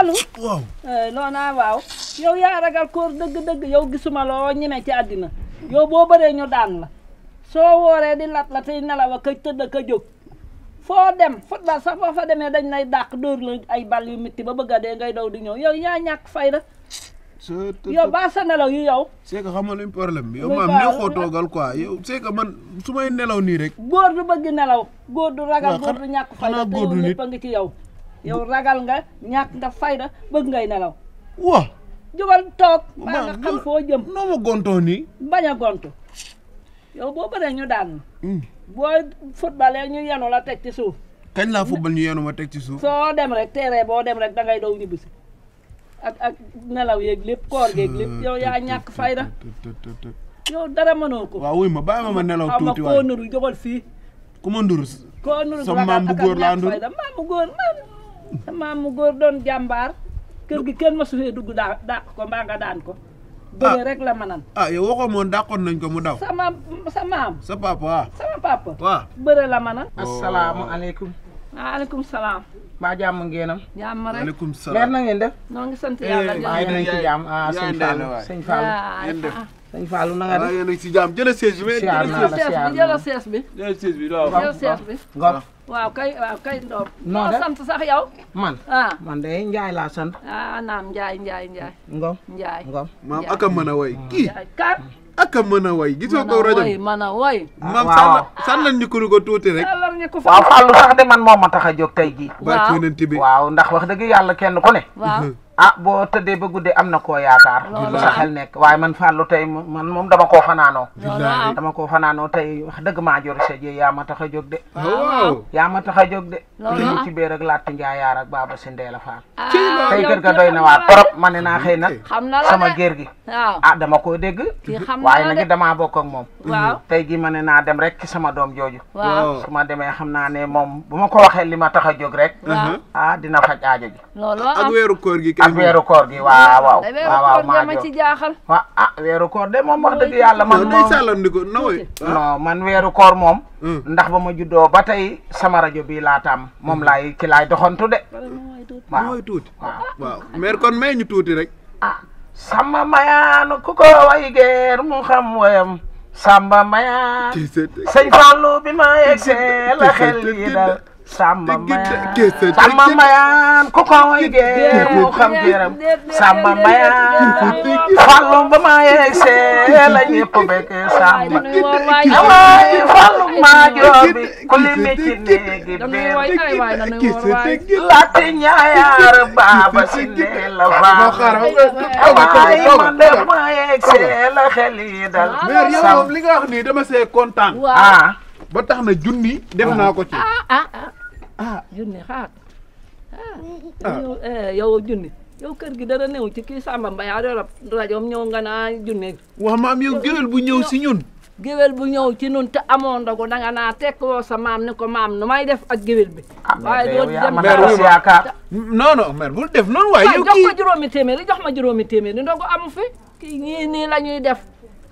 Fallou waaw eh, loona waaw yow yaa ragal koor dëgg-dëgg yow gisuma loo ñeme ci àddina yow boo bëree ñu daan la soo wooree di lat la tey nelaw a ka tëdd ka jóg foo dem football sax boo fa demee dañ nay dàq dóor la ay bal yu métti ba bëgg a dee ngay daw di ñëw yow yaa ñàkk fayda yow baa sa nelaw yu yow c'est que xamal luñ problème bi yow maam neexoo toogal quoi yow c'est man su may nelaw nii rek góor du bëgg nelaw góor du ragal góor du ñàkk fayda góor du nit ci yow yow ragal nga ñàkk nga fayda bëgg ngay nelaw. wa jubal toog. maa nga xam foo jëm. noo gontoo nii. bañ a gontu yow boo bëree ñu daan. Mm. boo footballee ñu yenu la teg ci suuf. kañ laa football ñu yenu ma teg ci suuf. soo dem rek teeree boo dem rek dangay dow ñibbisi ak ak nelaw yeeg lépp koor geeg lépp yow yaa ñàkk fayda. yow dara mënoo ko. wuy ma bàyyi ma ma nelaw tuuti waaye koo nuru jógal fii. ku ma nuru. koo nuru ragal ak ak ñàkk fayda maamu góor maamu. sa maam mu góor doon jàmbaar kër gi kenn masu fee dugg daa dàq ko mbaa nga daan ko bëre ah. rek la manan ah yow waxoon moom dàqoon nañ ko mu daw sa maam sa maam sa papa waaw ah. sama papa waaw ah. bëre la manan asalaamu aleykum waaleykum salaam mbaa jàmm ngeenam. jàmm rek maaleykum salaam leer na ngeen def. noo ngi sant eh, yàlla jërëjëf ci jàmm ah sëñ Fallou ah, sëñ Fallou. Ah, a ngi ci jàmm jëlal sees la siyaar naa la jëlal sees man ah. man de Ndiaye laa sant. ah naam Ngom Ndiaye Ngom. maam ak a mën a woy kii. ak a mën a woy ko tuuti rek. ñu ko fa waaw fàllu sax de man ma tax a jóg tey jii. waaw ndax wax dëgg yàlla kenn ku ne. ah boo tëddee ba guddee am na koo yaakaar sa nekk waaye man fàllu tey man moom dama koo fanaanoo dama koo fanaanoo tey wax dëgg maa jor sa yaa ma tax a jóg de oh, yaa ma tax a jóg de li mu ci béer ak laatti njaayaar ak baaba si ndee la faal ah, tey kër ga doy na waa trop ma ne naa xëy nag sama géer gi ah dama koo dégg waaye nag damaa bokk moom tey gi ma ne naa dem rek ci sama doom jooju su ma demee xam naa ne moom bu ma ko waxee li ma tax a jóg rek ah dina faj aajo ji ak weeru ak weeru koor gi waaw waaw. ma ci jaaxal. wa ah weeru koor de moom wax dëgg yàlla man. moom day non man weeru koor moom. Hmm. ndax ba ma juddoo ba tey sama rajo bii laa taam moom hmm. laay ki laay doxantu de. waaw mooy tuuti waaw mais kon may tuuti rek. Ah, sama mayaan ku ko way geer mu xam wayam. samba mayaan. sëñ Fallou bi ma yegsee la xel yi Samba Mbayaan Samba Mbayaan ku koy gee mu xam jëram Samba Mbayaan Fallou ba maa yey see la ñëpp bekk Samba awaay Fallou maa joobi ku limi ci néegi biir laati ñaayaar baaba si nee la faa awaay man de maa yey see la xel yi dal mais yow li nga wax nii dama see kontaan ah ba tax na junni def naa ko ci ah, ah, ah. ah junni xaar ah, ah. yow eh, junni yow kër gi dara new ci kii Samba Mbaye a yorab rajoom ñëw nga naa junni wax maam yow géwél bu ñëw si ñun géwél bu ñëw ci nun te amoon ndogu da nga naa tekk woo sa maam ni ko maam nu may def ak géwél bi ah, waaye doo yaakaar non non mère bul def noonu waaye yow kii jox téeméeri jox ma juróomi téeméeri ndogu amu fi kii nii la ñuy def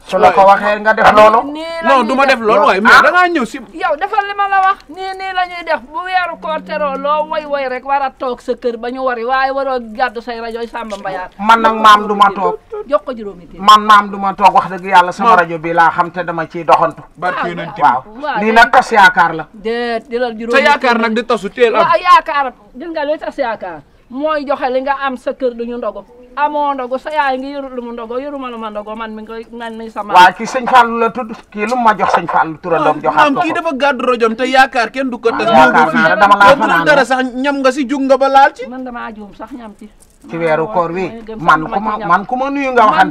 so la ko waxee nga def ah, loolo non du ma def loolu waaye mais ah, da ngaa yow defal li ma la wax nii nii la ñuy def bu weeru koor teroo loo woy woy rek war a toog sa ba ñu wari waaye waroo gàddu say rajo yi Samba Mbayaar. man nag maam du ma toog. jox ko juróomi téeméer man maam du ma toog wax dëgg yàlla sama rajo bi laa xam te dama ciy doxantu. barke ah, nañ ci waaw lii nag tas yaakaar la. déet di la juróomi te yaakaar nag di tasu teel am. waaw yaakaar gis nga li tas yaakaar mooy joxe li nga am sa kër duñu ndogu amoo ah, ndogu sa yaay ngi yorul mu ndogo yoruma lu ma ndogo man mi ngi koy man mi sama. waaw la tudd kii lu ma jox sëñ Fallou turandoom ah, joxaat ko kii dafa gàddu rojom te yaakaar kenn du ko. waaw yaakaar naa dama laa fanaan dara sax ñam nga si jug nga ba laal ci. man damaa juum sax ñam ci. ci weeru koor wi man ku ma man ku ma nuyu nga man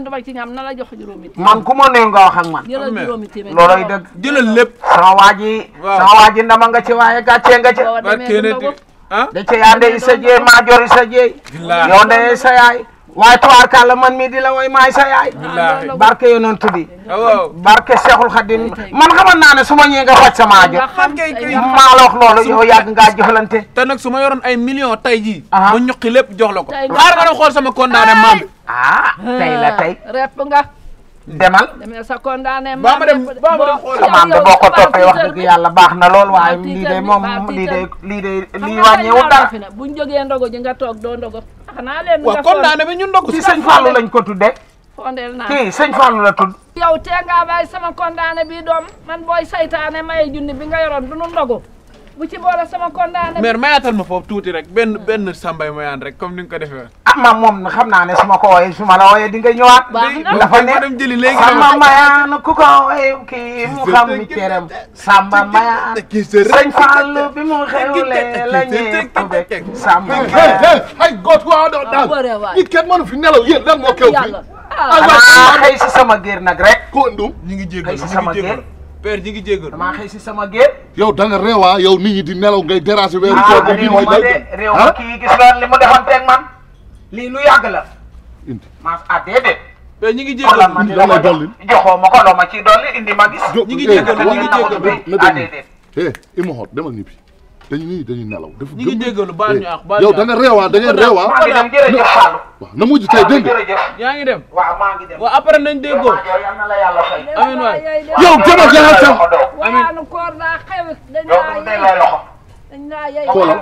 ku ma ci ñam na la jox juróomi man ku ma nuyu nga wax ak man. jëlal juróomi téeméer looloy dëgg. jëlal lépp sama waa ji. waaw sama waa ji ndama nga ci waaye gàccee nga ci. da ca yaa ndey sa jeey maa jori sa jeey yow sa yaay waaye man mii di la way maay sa yaay barke yonent bi oh, barke Seexul Xadim man xamal naa ne su ma ñëwee nga faj sama aajo maa la wax loolu yow yàgg ngaa joxlante te nag su ma yoroon ay million tay jii ma ñuqi lépp jox la ko xaar nga ma sama kondaane maam tey la tey ah, demal ba ma dem ba ma dem xool maam ko toppee wax dëgg yàlla baax na lool waaye lii de moom lii de lii de lii wàññeewu dara buñ jógee ndogo ji nga toog doo ndogo xanaa leen waaw kon daane bi ñu ndogo ci sëñ Fallou lañ ko tuddee fondel naa kii sëñ Fallou la tudd yow tee ngaa bàyyi sama kondaane bi doom man booy saytaane maye junni bi nga yoroon du nu ndogo bu ci boole sama condamné. mère mayatal ma foofu tuuti rek benn benn sambay mayaan rek comme ni nga ko defee. ah maam moom xam naa ne su ma ko wooyee su ma la wooyee di nga ñëwaat. dafa ne samba mayaan ku ko wooyee kii mu xam ni cëram. samba mayaan sëñ Fall bi mu xewlee la ñëpp beeg samba mayaan. ay góor waaw daal nit kenn mënu fi nelaw yéen lan moo kew fi. ah xëy si sama géer nag rek. ko ëndu ñu ngi jégalu ñu ngi jégalu père ñi ngi jéggal damaa xëy si sama géej. yow da nga réewaa ah, yow di nelaw ngay déranger weeru ah, koor bi bii mooy de réew ma ah? kii li mu defanteeg lii lu yàgg la indi ma ah déedéet ngi jéggal indi loo ma dolli joxoo ma ma ci dolli indi ma gis ñi ngi eh, jéggal ñi ngi jéggal ah déedéet eh imahoot demal ñibbi dañu nii dañuy nelaw. dafa gëm ñu ngi déggalu baal ñu àq baal ñu àq yow da nga réewaa ah, da ngeen réewaa. Ah. maa ngi dem jërëjëf Fallou. waaw na mujj tey dégg nga. yaa ngi dem waaw maa ngi dem. waaw après nañ déggoo. yal na la yàlla fay. amiin waay yow jëm ak yàlla tam. amiin waaw koor laa xew. dañ laa loxo. dañ laa yey xoolal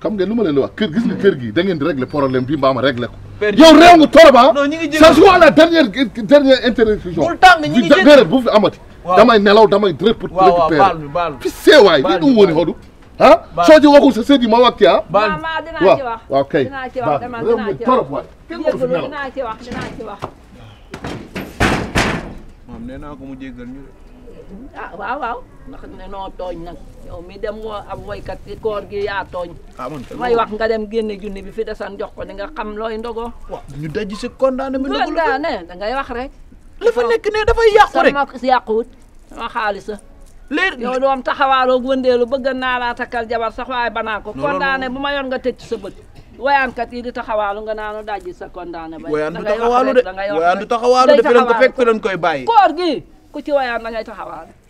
xam ngeen lu ma leen di wax kër gis nga kër gi da ngeen di régler problème bi mbaama régler ko. yow réew nga torop ah. non ñu ngi jéggi à la dernière dernière interruption. bul tàng ñu ngi jéggi bu fi amati. damay nelaw damay. waaw waaw baal mi baal mi damay dërëpp récupérer fi seewaay li du woon xodu ah soo ci waxul sa sët ma wax ci ah. baal ma dinaa ci wax dinaa ci wax dama dinaa ci dinaa ci wax dinaa ci wax. mu jéggal ñu waaw waaw ndax ne noo tooñ nag yow mi dem woo ab ci koor gi yaa tooñ ah, may wax nga dem génne junni bi fi desan jox ko di nga xam looy ndogoo ñu daj si condamné mi ndogoo ne da ngay wax rek la fa nekk ne dafay yàqu rek sama yàquwut léegi yow doom taxawaaloog wëndeelu bëgg naa laa takkal jabar sax waaye banaa ko condamné bu ma yoon nga ci sa bët wayaankat yi di taxawaalu nga naanu dajji sa condamné ba wayaan du taxawaalu de wayaan du taxawaalu de fi leen ko fekk fi koy bàyyi koor gi ku ci wayaan da ngay taxawaalu